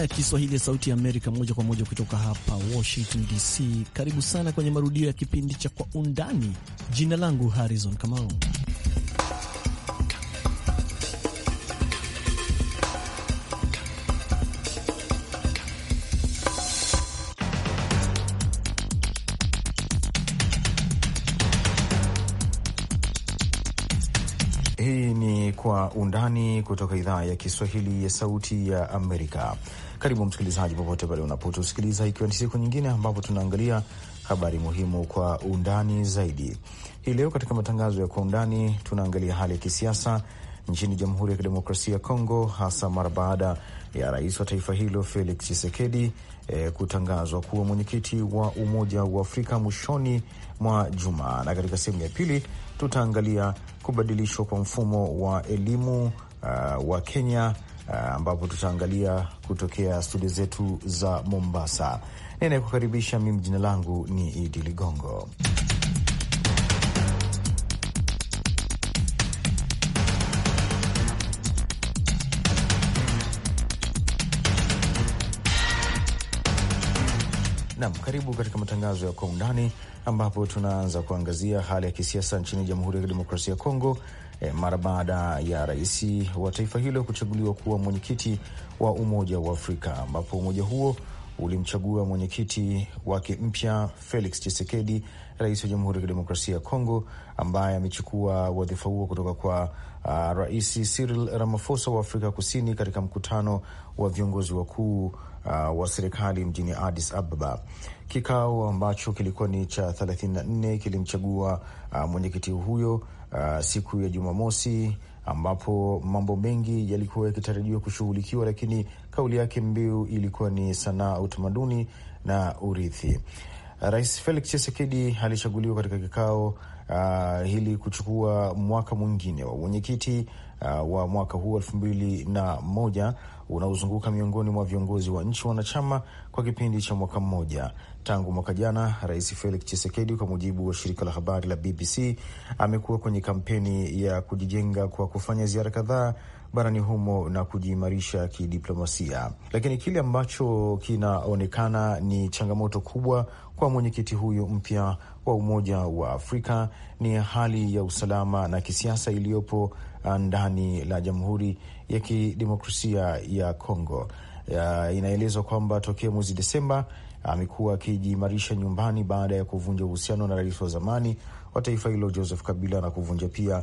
ya Kiswahili ya Sauti ya Amerika moja kwa moja kutoka hapa Washington DC. Karibu sana kwenye marudio ya kipindi cha Kwa Undani. Jina langu Harrison Kamau. Hii ni Kwa Undani kutoka idhaa ya Kiswahili ya Sauti ya Amerika. Karibu msikilizaji, popote pale unapotusikiliza, ikiwa ni siku nyingine ambapo tunaangalia habari muhimu kwa undani zaidi. Hii leo katika matangazo ya kwa undani tunaangalia hali ya kisiasa nchini Jamhuri ya Kidemokrasia ya Kongo, hasa mara baada ya rais wa taifa hilo Felix Tshisekedi e, kutangazwa kuwa mwenyekiti wa Umoja wa Afrika mwishoni mwa juma. Na katika sehemu ya pili tutaangalia kubadilishwa kwa mfumo wa elimu uh, wa Kenya Eh, ambapo tutaangalia kutokea studio zetu za Mombasa. Ninayekukaribisha mimi, jina langu ni Idi Ligongo. Nam, karibu katika matangazo ya kwa undani ambapo tunaanza kuangazia hali ya kisiasa nchini Jamhuri ya Kidemokrasia ya Kongo eh, mara baada ya rais wa taifa hilo kuchaguliwa kuwa mwenyekiti wa Umoja wa Afrika ambapo umoja huo ulimchagua mwenyekiti wake mpya Felix Tshisekedi, rais wa Jamhuri ya Kidemokrasia ya Kongo, ambaye amechukua wadhifa huo kutoka kwa uh, Rais Cyril Ramaphosa wa Afrika Kusini katika mkutano wa viongozi wakuu uh, wa serikali mjini Addis Ababa. Kikao ambacho kilikuwa ni cha 34 kilimchagua uh, mwenyekiti huyo uh, siku ya Jumamosi ambapo mambo mengi yalikuwa yakitarajiwa kushughulikiwa, lakini kauli yake mbiu ilikuwa ni sanaa, utamaduni na urithi. Rais Felix chisekedi alichaguliwa katika kikao uh, ah, ili kuchukua mwaka mwingine wa uwenyekiti uh, wa mwaka huu elfu mbili na moja unaozunguka miongoni mwa viongozi wa nchi wanachama kwa kipindi cha mwaka mmoja. Tangu mwaka jana, Rais Felix chisekedi kwa mujibu wa shirika la habari la BBC, amekuwa kwenye kampeni ya kujijenga kwa kufanya ziara kadhaa barani humo na kujiimarisha kidiplomasia, lakini kile ambacho kinaonekana ni changamoto kubwa kwa mwenyekiti huyu mpya wa Umoja wa Afrika ni hali ya usalama na kisiasa iliyopo uh, ndani la Jamhuri ya Kidemokrasia ya Kongo. Uh, inaelezwa kwamba tokea mwezi Desemba uh, amekuwa akijiimarisha nyumbani baada ya kuvunja uhusiano na rais wa zamani wa taifa hilo Joseph Kabila na kuvunja pia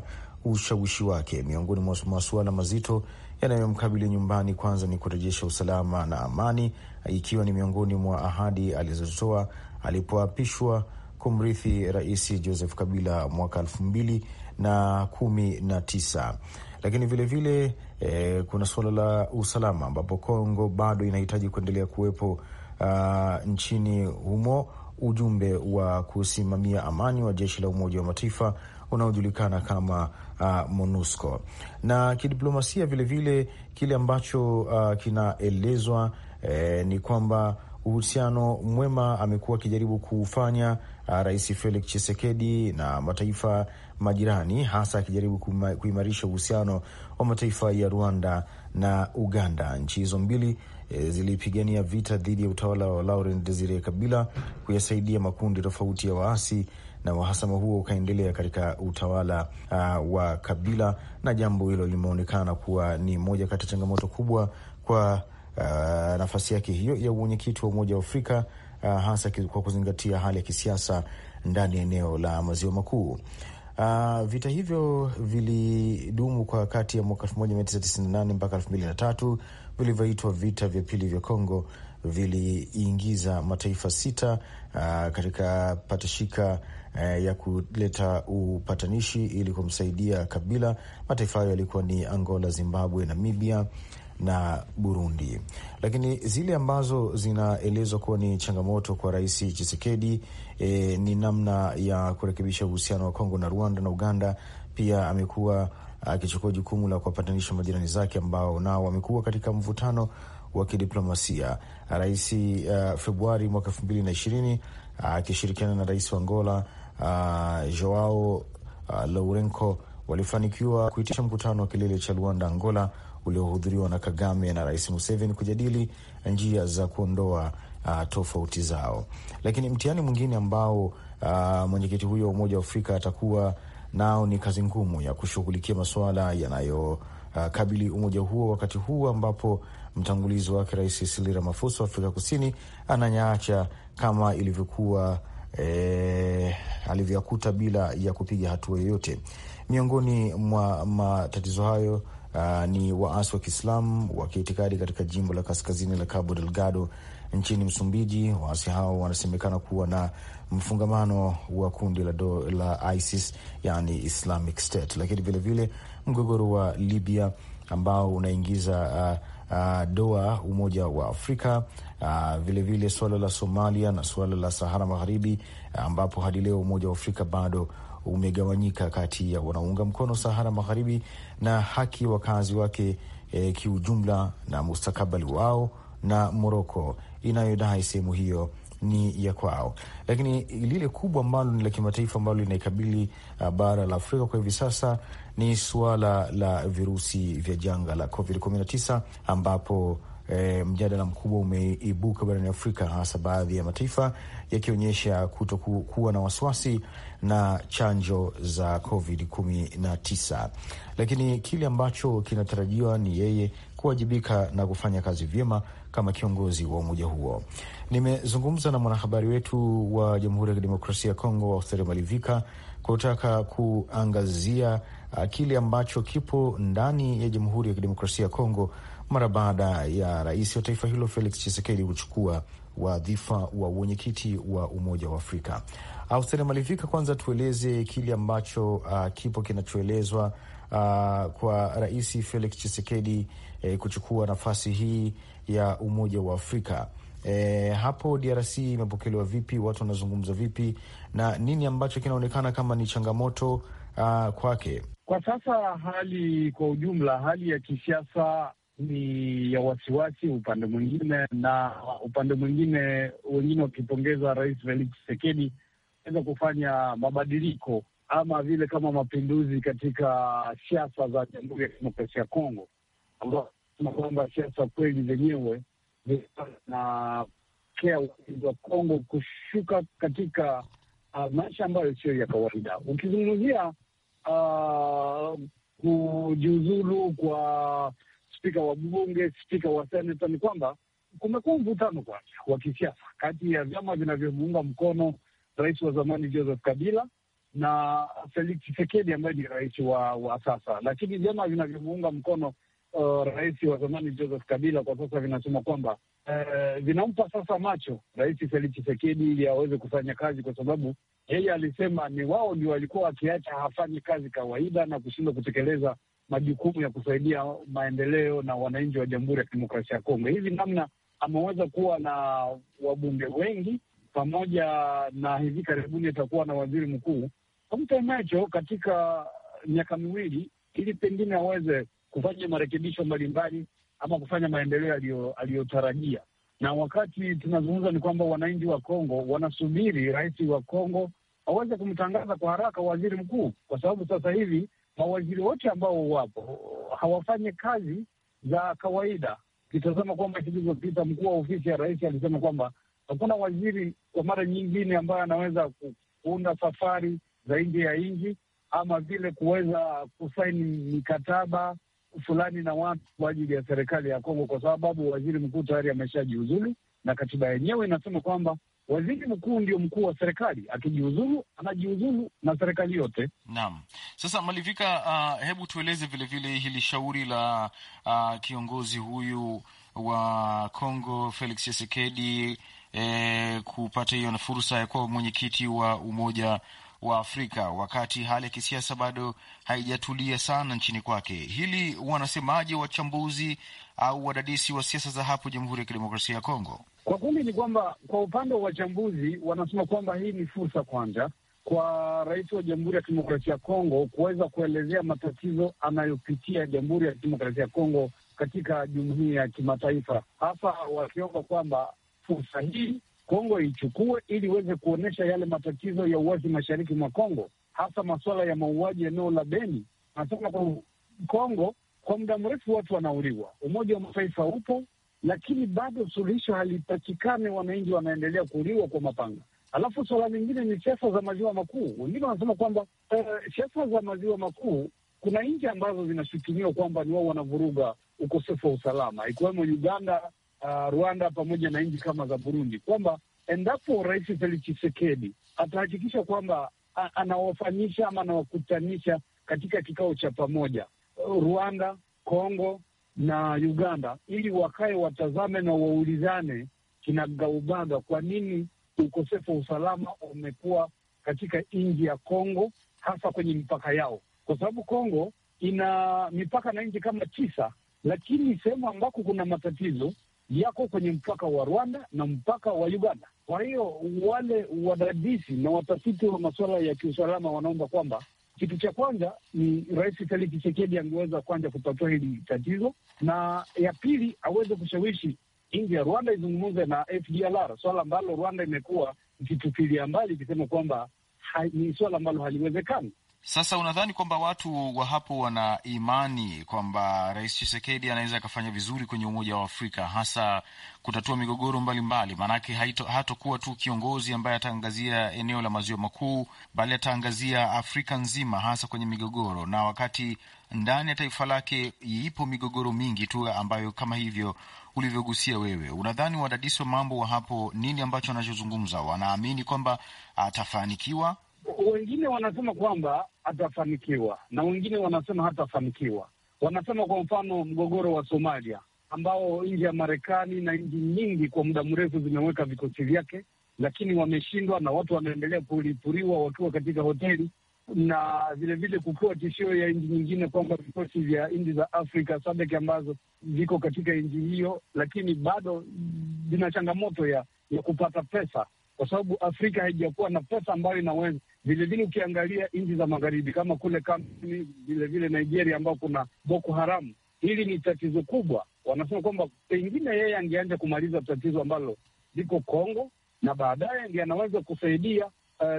ushawishi wake. Miongoni mwa masuala mazito yanayomkabili nyumbani kwanza ni kurejesha usalama na amani, ikiwa ni miongoni mwa ahadi alizotoa alipoapishwa kumrithi Rais Joseph Kabila mwaka elfu mbili na kumi na tisa. Lakini vilevile vile, e, kuna suala la usalama ambapo Kongo bado inahitaji kuendelea kuwepo uh, nchini humo ujumbe wa kusimamia amani wa jeshi la Umoja wa Mataifa unaojulikana kama uh, MONUSCO na kidiplomasia vilevile vile, kile ambacho uh, kinaelezwa eh, ni kwamba uhusiano mwema amekuwa akijaribu kuufanya uh, Rais Felix chisekedi na mataifa majirani, hasa akijaribu kuimarisha uhusiano wa mataifa ya Rwanda na Uganda. Nchi hizo mbili e, zilipigania vita dhidi ya utawala wa Laurent Desire Kabila, kuyasaidia makundi tofauti ya waasi na uhasama huo ukaendelea katika utawala uh, wa Kabila, na jambo hilo limeonekana kuwa ni moja kati ya changamoto kubwa kwa uh, nafasi yake hiyo ya uwenyekiti wa Umoja wa Afrika uh, hasa kwa kuzingatia hali ya kisiasa ndani ya eneo la Maziwa Makuu. Uh, vita hivyo vilidumu kwa kati ya mwaka 1998 mpaka 2003 vilivyoitwa vita vya pili vya Kongo, viliingiza mataifa sita uh, katika patashika eh, ya kuleta upatanishi ili kumsaidia Kabila. Mataifa hayo yalikuwa ni Angola, Zimbabwe, Namibia na Burundi, lakini zile ambazo zinaelezwa kuwa ni changamoto kwa Rais chisekedi eh, ni namna ya kurekebisha uhusiano wa Kongo na Rwanda na Uganda. Pia amekuwa akichukua jukumu la kuwapatanisha majirani zake ambao nao wamekuwa katika mvutano wa kidiplomasia. Rais uh, Februari mwaka elfu mbili na ishirini akishirikiana uh, na rais wa Angola uh, Joao uh, Lourenco walifanikiwa kuitisha mkutano wa kilele cha Luanda, Angola, uliohudhuriwa na Kagame na Rais Museveni kujadili njia za kuondoa uh, tofauti zao. Lakini mtihani mwingine ambao uh, mwenyekiti huyo wa Umoja wa Afrika atakuwa nao ni kazi ngumu ya kushughulikia masuala yanayokabili uh, umoja huo wakati huu ambapo mtangulizi wake Rais Cyril Ramaphosa wa Afrika Kusini ananyaacha kama ilivyokuwa e, alivyoyakuta bila ya kupiga hatua yoyote. Miongoni mwa matatizo hayo Uh, ni waasi wa Kiislamu wa kiitikadi katika jimbo la kaskazini la Cabo Delgado nchini Msumbiji. Waasi hao wanasemekana kuwa na mfungamano wa kundi la, do, la ISIS yani Islamic State, lakini vilevile mgogoro wa Libya ambao unaingiza uh, uh, doa Umoja wa Afrika, vilevile ah, uh, suala la Somalia na suala la Sahara Magharibi, ambapo hadi leo Umoja wa Afrika bado umegawanyika kati ya wanaunga mkono Sahara Magharibi na haki ya wakazi wake e, kiujumla na mustakabali wao na Moroko inayodai sehemu hiyo ni ya kwao, lakini lile kubwa ambalo ni la kimataifa ambalo linaikabili uh, bara la Afrika kwa hivi sasa ni suala la virusi vya janga la Covid 19 ambapo E, mjadala mkubwa umeibuka barani Afrika, hasa baadhi ya mataifa yakionyesha kutokuwa na wasiwasi na chanjo za Covid 19, lakini kile ambacho kinatarajiwa ni yeye kuwajibika na kufanya kazi vyema kama kiongozi wa umoja huo. Nimezungumza na mwanahabari wetu wa Jamhuri ya Kidemokrasia ya Kongo, Austere Malivika, kutaka kuangazia ah, kile ambacho kipo ndani ya Jamhuri ya Kidemokrasia ya Kongo mara baada ya rais wa taifa hilo Felix Tshisekedi kuchukua wadhifa wa uwenyekiti wa Umoja wa Afrika. Austeri Malivika, kwanza tueleze kile ambacho uh, kipo kinachoelezwa uh, kwa Rais Felix Tshisekedi eh, kuchukua nafasi hii ya Umoja wa Afrika. E, hapo DRC imepokelewa vipi? Watu wanazungumza vipi na nini ambacho kinaonekana kama ni changamoto uh, kwake kwa sasa? Hali kwa ujumla, hali ya kisiasa ni ya wasiwasi upande mwingine, na upande mwingine wengine wakipongeza Rais Felix Tshisekedi aweza kufanya mabadiliko ama vile kama mapinduzi katika siasa za Jamhuri ya Kidemokrasia ya Kongo, ambao kwamba siasa kweli zenyewe zinapelekea wananchi wa Kongo kushuka katika uh, maisha ambayo sio ya kawaida. Ukizungumzia uh, kujiuzulu kwa spika wa bunge, spika wa seneta, ni kwamba kumekuwa mvutano kwanza wa kisiasa kati ya vyama vinavyomuunga mkono rais wa zamani Joseph Kabila na Felix chisekedi ambaye ni rais wa, wa sasa, lakini vyama vinavyomuunga mkono uh, rais wa zamani Joseph Kabila kwa sasa vinasema kwamba uh, vinampa sasa macho rais Felix chisekedi ili aweze kufanya kazi, kwa sababu yeye alisema ni wao ndio walikuwa wakiacha hafanyi kazi kawaida na kushindwa kutekeleza majukumu ya kusaidia maendeleo na wananchi wa Jamhuri ya Kidemokrasia ya Kongo. Hivi namna ameweza kuwa na wabunge wengi pamoja na hivi karibuni atakuwa na waziri mkuu, ampe macho katika miaka miwili, ili pengine aweze kufanya marekebisho mbalimbali ama kufanya maendeleo aliyotarajia. Na wakati tunazungumza ni kwamba wananchi wa Kongo wanasubiri rais wa Kongo aweze kumtangaza kwa haraka waziri mkuu, kwa sababu sasa hivi mawaziri wote ambao wapo hawafanyi kazi za kawaida. Kitazama kwamba kilivyopita mkuu wa ofisi ya rais alisema kwamba hakuna waziri kwa mara nyingine ambaye anaweza kuunda safari za nje ya nchi ama vile kuweza kusaini mikataba fulani na watu kwa ajili ya serikali ya Kongo, kwa sababu waziri mkuu tayari ameshajiuzulu na katiba yenyewe inasema kwamba waziri mkuu ndio mkuu wa serikali, akijiuzulu anajiuzulu na serikali yote. Naam. Sasa Malivika, uh, hebu tueleze vilevile hili shauri la uh, kiongozi huyu wa Kongo Felix Tshisekedi e, kupata hiyo fursa ya kuwa mwenyekiti wa Umoja wa Afrika wakati hali ya kisiasa bado haijatulia sana nchini kwake. Hili wanasemaje wachambuzi au wadadisi wa siasa za hapo Jamhuri ya Kidemokrasia ya Kongo? Kwa kundi ni kwamba kwa upande wa wachambuzi wanasema kwamba hii ni fursa kwanza kwa rais wa Jamhuri ya Kidemokrasia ya Kongo kuweza kuelezea matatizo anayopitia Jamhuri ya Kidemokrasia ya Kongo katika jumuiya ya kimataifa, hasa wakiomba kwamba fursa hii Kongo ichukue ili iweze kuonyesha yale matatizo ya uwazi mashariki mwa Kongo, hasa masuala ya mauaji eneo la Beni. Nasema kwa Kongo kwa muda mrefu watu wanauliwa, Umoja wa Mataifa upo lakini bado suluhisho halipatikane, wananchi wanaendelea kuuliwa kwa mapanga. Alafu suala lingine ni siasa za maziwa makuu. Wengine wanasema kwamba uh, siasa za maziwa makuu, kuna nchi ambazo zinashutumiwa kwamba ni wao wanavuruga ukosefu wa usalama, ikiwemo Uganda uh, Rwanda pamoja na nchi kama za Burundi, kwamba endapo Rais Felix Tshisekedi atahakikisha kwamba anawafanyisha ama anawakutanisha katika kikao cha pamoja uh, Rwanda, Kongo na Uganda, ili wakae watazame na waulizane kinagaubaga, kwa nini ukosefu wa usalama umekuwa katika nchi ya Kongo, hasa kwenye mipaka yao, kwa sababu Kongo ina mipaka na nchi kama tisa, lakini sehemu ambako kuna matatizo yako kwenye mpaka wa Rwanda na mpaka wa Uganda. Kwa hiyo wale wadadisi na watafiti wa masuala ya kiusalama wanaomba kwamba kitu cha kwanza ni Rais Felix Tshisekedi angeweza kwanza kutatua hili tatizo, na ya pili aweze kushawishi nchi ya Rwanda izungumze na FDLR, swala ambalo Rwanda imekuwa ikitupilia mbali ikisema kwamba ni swala ambalo haliwezekani. Sasa unadhani kwamba watu wa hapo wana imani kwamba Rais chisekedi anaweza akafanya vizuri kwenye Umoja wa Afrika, hasa kutatua migogoro mbalimbali? Maanake hatokuwa tu kiongozi ambaye ataangazia eneo la maziwa makuu, bali ataangazia Afrika nzima, hasa kwenye migogoro, na wakati ndani ya taifa lake ipo migogoro mingi tu ambayo kama hivyo ulivyogusia wewe. Unadhani wadadisi wa mambo wa hapo, nini ambacho wanachozungumza? Wanaamini kwamba atafanikiwa wengine wanasema kwamba atafanikiwa na wengine wanasema hatafanikiwa. Wanasema kwa mfano mgogoro wa Somalia ambao nchi ya Marekani na nchi nyingi kwa muda mrefu zimeweka vikosi vyake, lakini wameshindwa na watu wanaendelea kulipuriwa wakiwa katika hoteli, na vilevile kukiwa tishio ya nchi nyingine kwamba vikosi vya nchi za Afrika SADC ambazo viko katika nchi hiyo, lakini bado zina changamoto ya, ya kupata pesa, kwa sababu Afrika haijakuwa na pesa ambayo inaweza Vilevile ukiangalia nchi za magharibi kama kule Kameruni, vilevile Nigeria ambao kuna Boko Haramu, hili ni tatizo kubwa. Wanasema kwamba pengine yeye angeanja kumaliza tatizo ambalo liko Kongo na baadaye ndi anaweza kusaidia uh,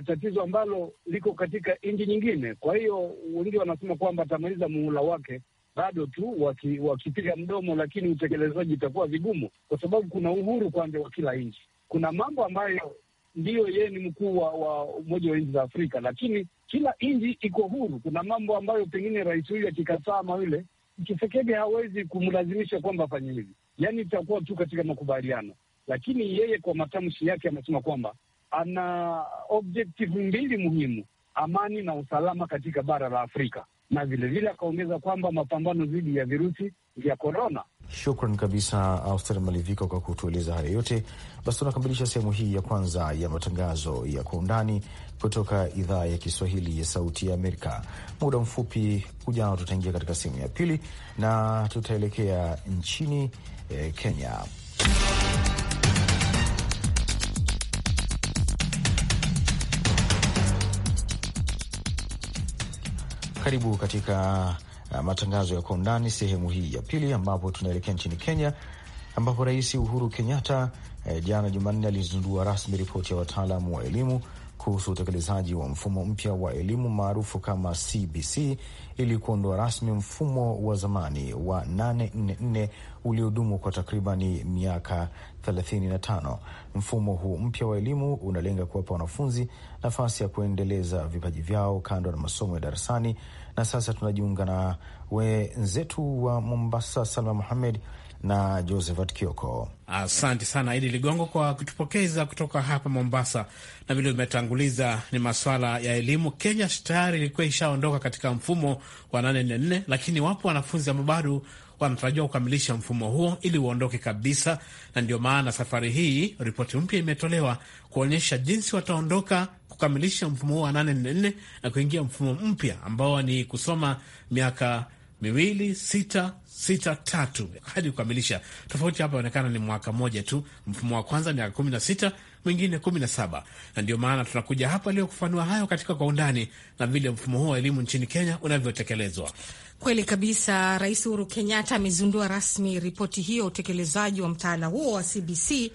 tatizo ambalo liko katika nchi nyingine. Kwa hiyo wengi wanasema kwamba atamaliza muhula wake bado tu wakipiga waki mdomo, lakini utekelezaji utakuwa vigumu, kwa sababu kuna uhuru kwanza wa kila nchi. Kuna mambo ambayo ndiyo yeye ni mkuu wa Umoja wa nchi za Afrika, lakini kila nchi iko huru. Kuna mambo ambayo pengine rais huyu akikataa mayule yule Kisekedi hawezi kumlazimisha kwamba afanye hivi, yaani itakuwa tu katika makubaliano. Lakini yeye kwa matamshi yake amesema kwamba ana objective mbili muhimu, amani na usalama katika bara la Afrika, na vilevile akaongeza kwamba mapambano dhidi ya virusi vya korona Shukran kabisa uh, Auster Malivika kwa kutueleza haya yote. Basi tunakamilisha sehemu hii ya kwanza ya matangazo ya kwa undani kutoka idhaa ya Kiswahili ya Sauti ya Amerika. Muda mfupi ujao, tutaingia katika sehemu ya pili na tutaelekea nchini eh, Kenya. Karibu katika uh, matangazo ya kwa undani sehemu hii ya pili, ambapo tunaelekea nchini Kenya ambapo Rais Uhuru Kenyatta eh, jana Jumanne alizindua rasmi ripoti ya wataalamu wa elimu kuhusu utekelezaji wa mfumo mpya wa elimu maarufu kama CBC ili kuondoa rasmi mfumo wa zamani wa 844 uliodumu kwa takribani miaka 35. Mfumo huu mpya wa elimu unalenga kuwapa wanafunzi nafasi ya kuendeleza vipaji vyao kando na masomo ya darasani. Na sasa tunajiunga na wenzetu wa Mombasa, Salma Muhamed na Josephat Kioko. Asante sana Idi Ligongo kwa kutupokeza kutoka hapa Mombasa. Na vile umetanguliza, ni maswala ya elimu. Kenya tayari ilikuwa ishaondoka katika mfumo wa nane nne nne, lakini wapo wanafunzi ambao bado wanatarajiwa kukamilisha mfumo huo ili uondoke kabisa, na ndio maana safari hii ripoti mpya imetolewa kuonyesha jinsi wataondoka kukamilisha mfumo huo wa nane nne nne na kuingia mfumo mpya ambao ni kusoma miaka miwili sita sita tatu hadi kukamilisha. Tofauti hapa inaonekana ni mwaka mmoja tu, mfumo wa kwanza miaka kumi na sita mwingine kumi na saba na ndio maana tunakuja hapa leo kufanua hayo katika kwa undani na vile mfumo huo wa elimu nchini Kenya unavyotekelezwa. Kweli kabisa, Rais Uhuru Kenyatta amezindua rasmi ripoti hiyo, utekelezaji wa mtaala huo wa CBC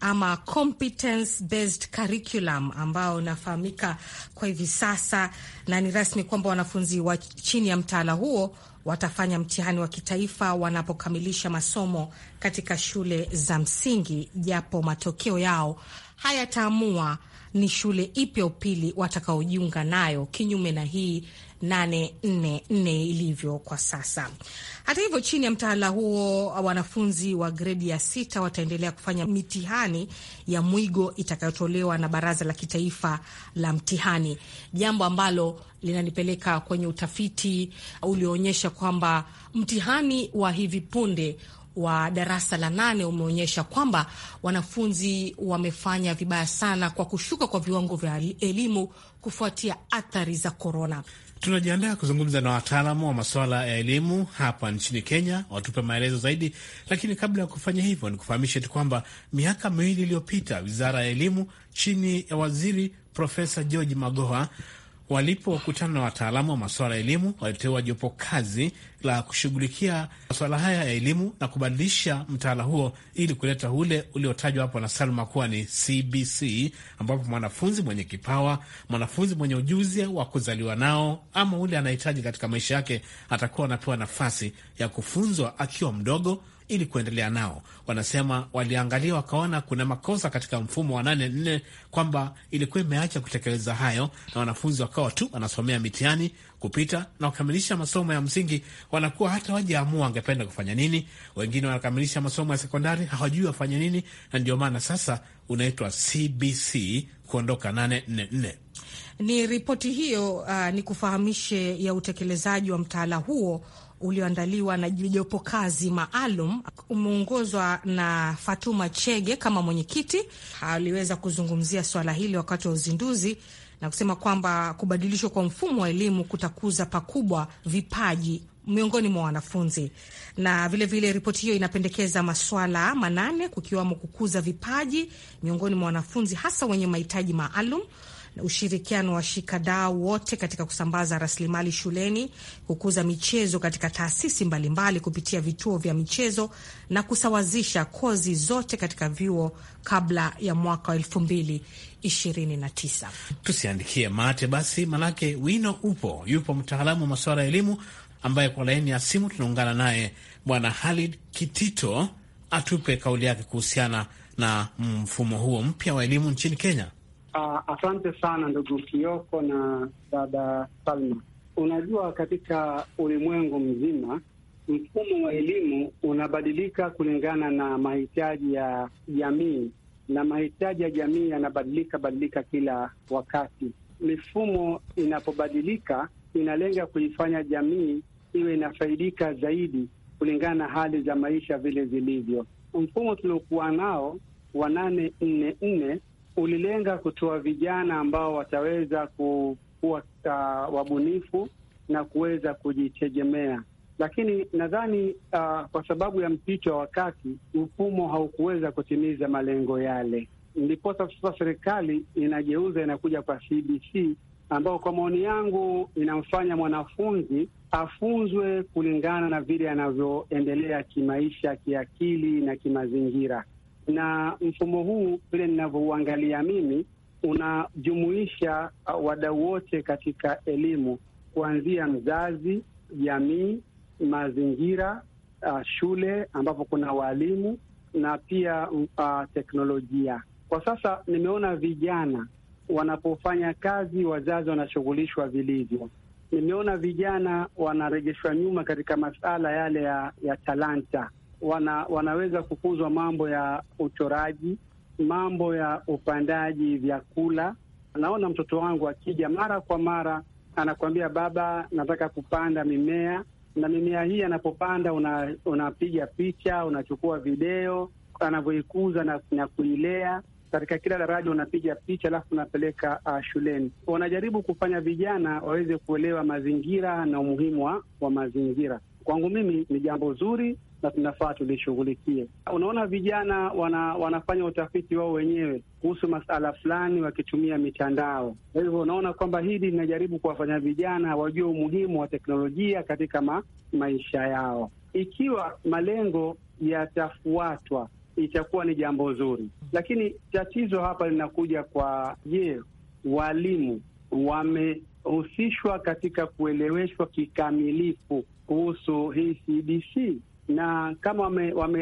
ama competence based curriculum ambao unafahamika kwa hivi sasa, na ni rasmi kwamba wanafunzi wa chini ya mtaala huo watafanya mtihani wa kitaifa wanapokamilisha masomo katika shule za msingi, japo matokeo yao hayataamua ni shule ipi ya upili watakaojiunga nayo, kinyume na hii 844 ilivyo kwa sasa. Hata hivyo, chini ya mtaala huo wanafunzi wa gredi ya sita wataendelea kufanya mitihani ya mwigo itakayotolewa na Baraza la Kitaifa la Mtihani, jambo ambalo linanipeleka kwenye utafiti ulioonyesha kwamba mtihani wa hivi punde wa darasa la nane umeonyesha kwamba wanafunzi wamefanya vibaya sana kwa kushuka kwa viwango vya elimu kufuatia athari za korona. Tunajiandaa kuzungumza na wataalamu wa masuala ya elimu hapa nchini Kenya, watupe maelezo zaidi. Lakini kabla ya kufanya hivyo, ni kufahamishe tu kwamba miaka miwili iliyopita, wizara ya elimu chini ya waziri Profesa George Magoha walipokutana na wataalamu wa masuala ya elimu, waliteua jopo kazi la kushughulikia masuala haya ya elimu na kubadilisha mtaala huo ili kuleta ule uliotajwa hapo na Salma kuwa ni CBC, ambapo mwanafunzi mwenye kipawa, mwanafunzi mwenye ujuzi wa kuzaliwa nao ama ule anahitaji katika maisha yake, atakuwa anapewa nafasi ya kufunzwa akiwa mdogo ili kuendelea nao. Wanasema waliangalia wakaona kuna makosa katika mfumo wa nane nne kwamba ilikuwa imeacha kutekeleza hayo, na wanafunzi wakawa tu wanasomea mitihani kupita na wakamilisha masomo ya msingi, wanakuwa hata wajaamua wangependa kufanya nini. Wengine wanakamilisha masomo ya sekondari hawajui wafanye nini, na ndio maana sasa unaitwa CBC kuondoka nne. ni ripoti hiyo. Uh, ni kufahamishe ya utekelezaji wa mtaala huo ulioandaliwa na jopo kazi maalum umeongozwa na Fatuma Chege kama mwenyekiti. Aliweza kuzungumzia swala hili wakati wa uzinduzi na kusema kwamba kubadilishwa kwa mfumo wa elimu kutakuza pakubwa vipaji miongoni mwa wanafunzi na vilevile, ripoti hiyo inapendekeza maswala manane kukiwamo kukuza vipaji miongoni mwa wanafunzi hasa wenye mahitaji maalum, ushirikiano wa shikadau wote katika kusambaza rasilimali shuleni, kukuza michezo katika taasisi mbalimbali mbali kupitia vituo vya michezo na kusawazisha kozi zote katika vyuo kabla ya mwaka wa elfu mbili Tusiandikie mate basi, manake wino upo. Yupo mtaalamu wa masuala ya elimu ambaye kwa laini ya simu tunaungana naye Bwana Halid Kitito atupe kauli yake kuhusiana na mfumo huo mpya wa elimu nchini Kenya. Uh, asante sana ndugu Kioko na dada Salma. Unajua, katika ulimwengu mzima mfumo wa elimu unabadilika kulingana na mahitaji ya jamii, na mahitaji ya jamii yanabadilika badilika kila wakati. Mifumo inapobadilika inalenga kuifanya jamii iwe inafaidika zaidi kulingana na hali za maisha vile zilivyo. Mfumo tuliokuwa nao wa nane nne nne ulilenga kutoa vijana ambao wataweza kuwa ah, wabunifu na kuweza kujitegemea, lakini nadhani uh, kwa sababu ya mpito wa wakati mfumo haukuweza kutimiza malengo yale, ndiposa sasa serikali inageuza inakuja kwa CBC ambao kwa maoni yangu inamfanya mwanafunzi afunzwe kulingana na vile anavyoendelea kimaisha, kiakili na kimazingira na mfumo huu vile ninavyouangalia mimi unajumuisha uh, wadau wote katika elimu, kuanzia mzazi, jamii, mazingira, uh, shule ambapo kuna walimu na pia mm, uh, teknolojia. Kwa sasa nimeona vijana wanapofanya kazi, wazazi wanashughulishwa vilivyo. Nimeona vijana wanarejeshwa nyuma katika masuala yale ya, ya talanta wana, wanaweza kufunzwa mambo ya uchoraji, mambo ya upandaji vyakula. Naona mtoto wangu akija mara kwa mara anakuambia baba, nataka kupanda mimea, na mimea hii anapopanda unapiga una picha, unachukua video anavyoikuza na, na kuilea katika kila daraja unapiga picha alafu unapeleka uh, shuleni. Wanajaribu kufanya vijana waweze kuelewa mazingira na umuhimu wa mazingira kwangu mimi ni jambo zuri na tunafaa tulishughulikie. Unaona, vijana wana, wanafanya utafiti wao wenyewe kuhusu masala fulani wakitumia mitandao. Kwa hivyo unaona kwamba hili linajaribu kuwafanya vijana wajue umuhimu wa teknolojia katika ma, maisha yao. Ikiwa malengo yatafuatwa, itakuwa ni jambo zuri, lakini tatizo hapa linakuja kwa je, walimu wame husishwa katika kueleweshwa kikamilifu kuhusu hii CBC na kama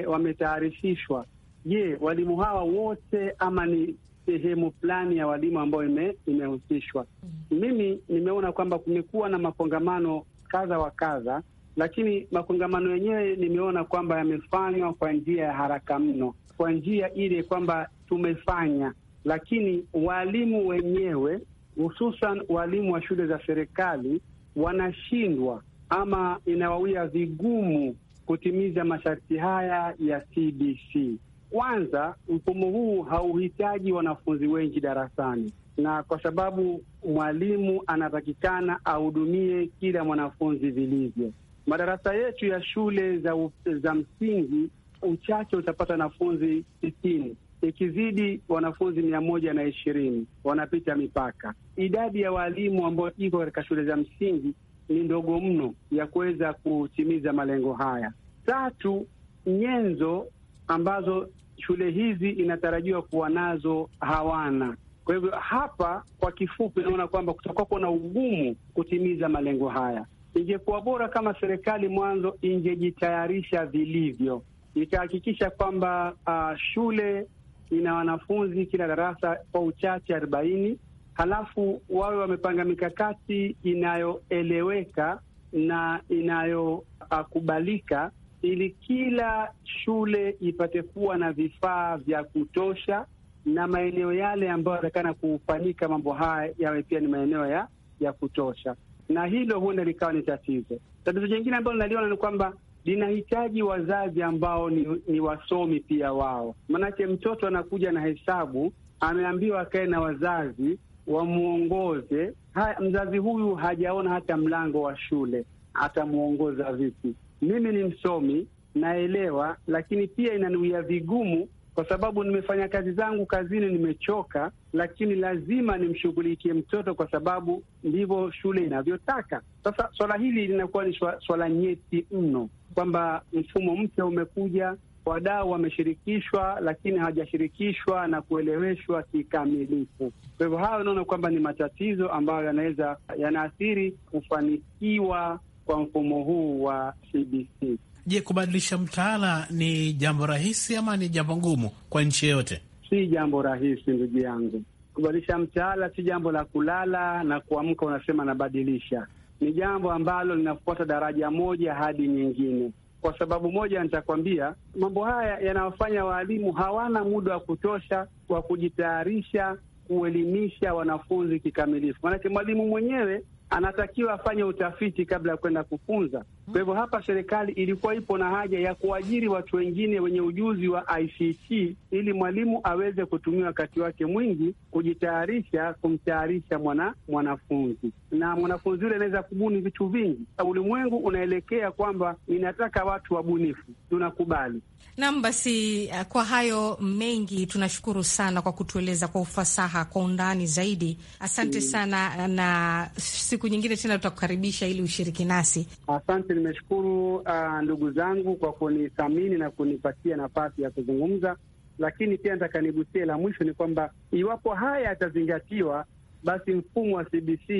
wametaarifishwa, wame, wame je, walimu hawa wote ama ni sehemu fulani ya walimu ambayo imehusishwa? mm -hmm. Mimi nimeona kwamba kumekuwa na makongamano kadha wa kadha, lakini makongamano yenyewe nimeona kwamba yamefanywa kwa njia ya haraka mno, kwa njia ile kwamba tumefanya, lakini walimu wenyewe hususan walimu wa shule za serikali wanashindwa ama inawawia vigumu kutimiza masharti haya ya CBC. Kwanza, mfumo huu hauhitaji wanafunzi wengi darasani, na kwa sababu mwalimu anatakikana ahudumie kila mwanafunzi vilivyo. Madarasa yetu ya shule za, za msingi uchache utapata wanafunzi sitini ikizidi wanafunzi mia moja na ishirini wanapita mipaka. Idadi ya waalimu ambao iko katika shule za msingi ni ndogo mno ya kuweza kutimiza malengo haya. Tatu, nyenzo ambazo shule hizi inatarajiwa kuwa nazo hawana. Kwa hivyo hapa, kwa kifupi, naona kwamba kutakuwa na ugumu kutimiza malengo haya. Ingekuwa bora kama serikali mwanzo ingejitayarisha vilivyo, ikahakikisha kwamba uh, shule ina wanafunzi kila darasa kwa uchache arobaini halafu wawe wamepanga mikakati inayoeleweka na inayokubalika ili kila shule ipate kuwa na vifaa vya kutosha, na maeneo yale ambayo yanatakana kufanyika mambo haya yawe pia ni maeneo ya ya kutosha, na hilo huenda likawa ni tatizo. Tatizo jingine ambalo linaliona ni kwamba linahitaji wazazi ambao ni, ni wasomi pia wao, maanake mtoto anakuja na hesabu, ameambiwa akae na wazazi wamwongoze. Mzazi huyu hajaona hata mlango wa shule, atamwongoza vipi? Mimi ni msomi naelewa, lakini pia inaniwia vigumu kwa sababu nimefanya kazi zangu kazini, nimechoka, lakini lazima nimshughulikie mtoto kwa sababu ndivyo shule inavyotaka. Sasa swala hili linakuwa ni swala nyeti mno, kwamba mfumo mpya umekuja, wadau wameshirikishwa, lakini hawajashirikishwa na kueleweshwa kikamilifu. Kwa hivyo hayo, unaona kwamba ni matatizo ambayo yanaweza yanaathiri kufanikiwa kwa mfumo huu wa CBC. Je, kubadilisha mtaala ni jambo rahisi ama ni jambo ngumu kwa nchi yeyote Si jambo rahisi ndugu yangu, kubadilisha mtaala si jambo la kulala na kuamka unasema nabadilisha. Ni jambo ambalo linafuata daraja moja hadi nyingine. Kwa sababu moja, nitakwambia mambo haya yanawafanya waalimu hawana muda wa kutosha wa kujitayarisha kuelimisha wanafunzi kikamilifu. Maanake mwalimu mwenyewe anatakiwa afanye utafiti kabla ya kwenda kufunza. Kwa hivyo hapa serikali ilikuwa ipo na haja ya kuajiri watu wengine wenye ujuzi wa ICT ili mwalimu aweze kutumia wakati wake mwingi kujitayarisha, kumtayarisha mwana mwanafunzi, na mwanafunzi yule anaweza kubuni vitu vingi. Ulimwengu unaelekea kwamba inataka watu wabunifu, tunakubali. Naam, basi eh, kwa hayo mengi, tunashukuru sana kwa kutueleza kwa ufasaha, kwa undani zaidi. Asante mm, sana eh, na siku nyingine tena tutakukaribisha ili ushiriki nasi. Asante nimeshukuru uh, ndugu zangu kwa kunithamini na kunipatia nafasi ya kuzungumza, lakini pia nataka nigusie la mwisho ni kwamba iwapo haya yatazingatiwa, basi mfumo wa CBC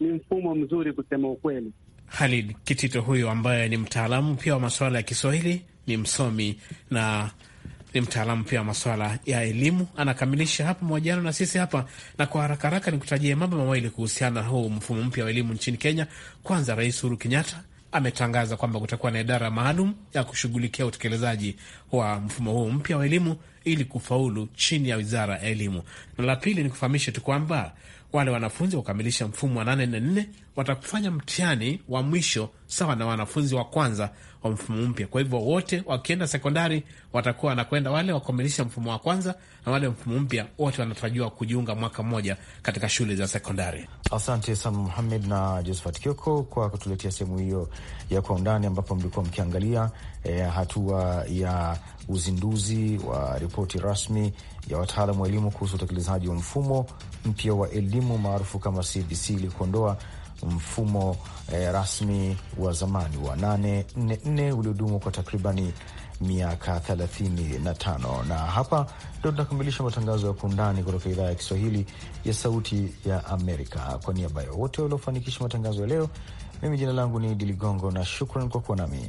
ni mfumo mzuri kusema ukweli. Halid Kitito huyo ambaye ni mtaalamu pia wa masuala ya Kiswahili, ni msomi na ni mtaalamu pia wa masuala ya elimu, anakamilisha hapa mahojiano na sisi hapa. Na kwa haraka haraka nikutajie mambo mawili kuhusiana na huu mfumo mpya wa elimu nchini Kenya. Kwanza, Rais Uhuru Kenyatta ametangaza kwamba kutakuwa na idara maalum ya kushughulikia utekelezaji wa mfumo huu mpya wa elimu ili kufaulu chini ya wizara ya elimu. Na la pili ni kufahamisha tu kwamba wale wanafunzi wakamilisha mfumo wa nane na nne watakufanya mtihani wa mwisho sawa na wanafunzi wa kwanza wa mfumo mpya. Kwa hivyo wote wakienda sekondari watakuwa wanakwenda wale wakamilisha mfumo wa kwanza na wale mfumo mpya, wote wanatarajiwa kujiunga mwaka mmoja katika shule za sekondari. Asante sana Muhamed na Josephat Kioko kwa kutuletea sehemu hiyo ya Kwa Undani, ambapo mlikuwa mkiangalia eh, hatua ya uzinduzi wa ripoti rasmi ya wataalamu wa elimu kuhusu utekelezaji wa mfumo mpya wa elimu maarufu kama CBC ili kuondoa mfumo eh, rasmi wa zamani wa 844 uliodumu kwa takribani miaka 35. Na hapa ndo tunakamilisha matangazo ya kuundani kutoka idhaa ya Kiswahili ya Sauti ya Amerika. Kwa niaba ya wote waliofanikisha matangazo ya leo, mimi jina langu ni Idi Ligongo na shukran kwa kuwa nami.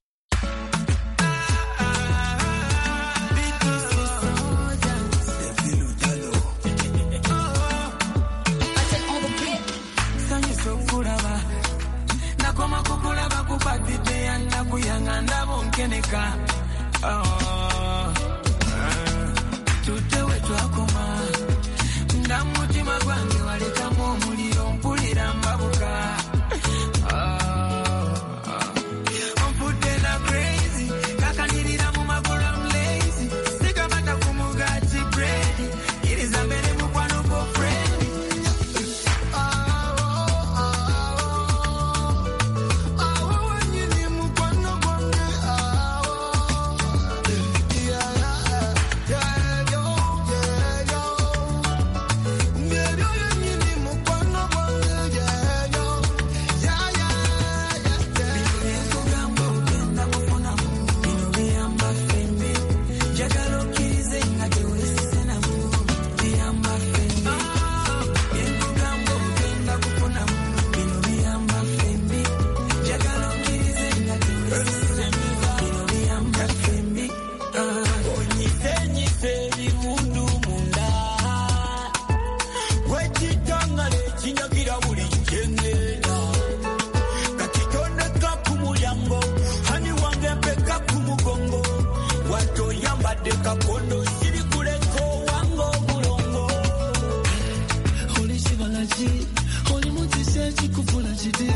Holy Shivalaji, holy Mutisha, Chikufulaji.